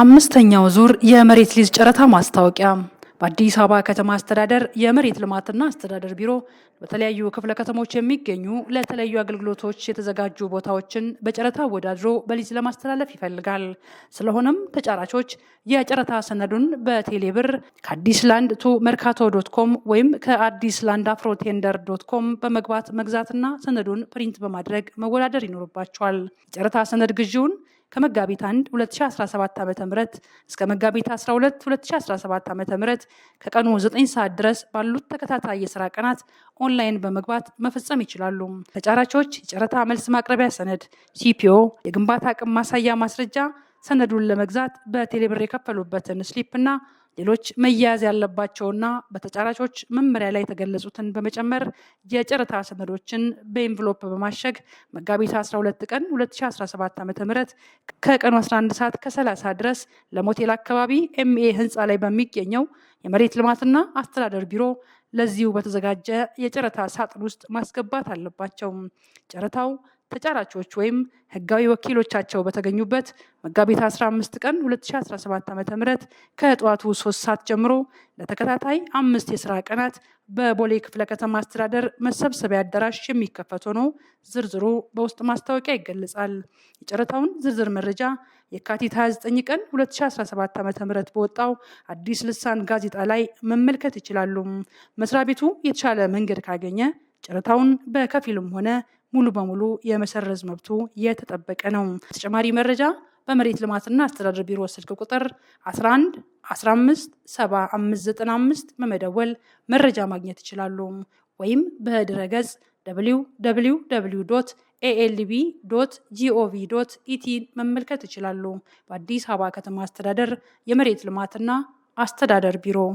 አምስተኛው ዙር የመሬት ሊዝ ጨረታ ማስታወቂያ በአዲስ አበባ ከተማ አስተዳደር የመሬት ልማትና አስተዳደር ቢሮ በተለያዩ ክፍለ ከተሞች የሚገኙ ለተለያዩ አገልግሎቶች የተዘጋጁ ቦታዎችን በጨረታ አወዳድሮ በሊዝ ለማስተላለፍ ይፈልጋል። ስለሆነም ተጫራቾች የጨረታ ሰነዱን በቴሌብር ከአዲስ ላንድ ቱ መርካቶ ዶት ኮም ወይም ከአዲስ ላንድ አፍሮ ቴንደር ዶት ኮም በመግባት መግዛትና ሰነዱን ፕሪንት በማድረግ መወዳደር ይኖርባቸዋል። የጨረታ ሰነድ ግዢውን ከመጋቢት 1 2017 ዓ.ም እስከ መጋቢት 12 2017 ዓ.ም ከቀኑ 9 ሰዓት ድረስ ባሉት ተከታታይ የስራ ቀናት ኦንላይን በመግባት መፈጸም ይችላሉ። ተጫራቾች የጨረታ መልስ ማቅረቢያ ሰነድ ሲፒኦ፣ የግንባታ አቅም ማሳያ ማስረጃ ሰነዱን ለመግዛት በቴሌብር የከፈሉበትን ስሊፕና ሌሎች መያያዝ ያለባቸውና በተጫራቾች መመሪያ ላይ የተገለጹትን በመጨመር የጨረታ ሰነዶችን በኤንቭሎፕ በማሸግ መጋቢት 12 ቀን 2017 ዓ ም ከቀኑ 11 ሰዓት ከ30 ድረስ ለሞቴል አካባቢ ኤምኤ ህንፃ ላይ በሚገኘው የመሬት ልማትና አስተዳደር ቢሮ ለዚሁ በተዘጋጀ የጨረታ ሳጥን ውስጥ ማስገባት አለባቸው። ጨረታው ተጫራቾች ወይም ህጋዊ ወኪሎቻቸው በተገኙበት መጋቢት 15 ቀን 2017 ዓ.ም ከጠዋቱ 3 ሰዓት ጀምሮ ለተከታታይ አምስት የስራ ቀናት በቦሌ ክፍለ ከተማ አስተዳደር መሰብሰቢያ አዳራሽ የሚከፈት ሆኖ ዝርዝሩ በውስጥ ማስታወቂያ ይገለጻል። የጨረታውን ዝርዝር መረጃ የካቲት 29 ቀን 2017 ዓ.ም በወጣው አዲስ ልሳን ጋዜጣ ላይ መመልከት ይችላሉ። መስሪያ ቤቱ የተሻለ መንገድ ካገኘ ጨረታውን በከፊልም ሆነ ሙሉ በሙሉ የመሰረዝ መብቱ የተጠበቀ ነው። ተጨማሪ መረጃ በመሬት ልማትና አስተዳደር ቢሮ ስልክ ቁጥር 11 15 7595 በመደወል መረጃ ማግኘት ይችላሉ። ወይም በድረ ገጽ www ኤኤልቢ ጂኦቪ ኢቲ መመልከት ይችላሉ። በአዲስ አበባ ከተማ አስተዳደር የመሬት ልማትና አስተዳደር ቢሮ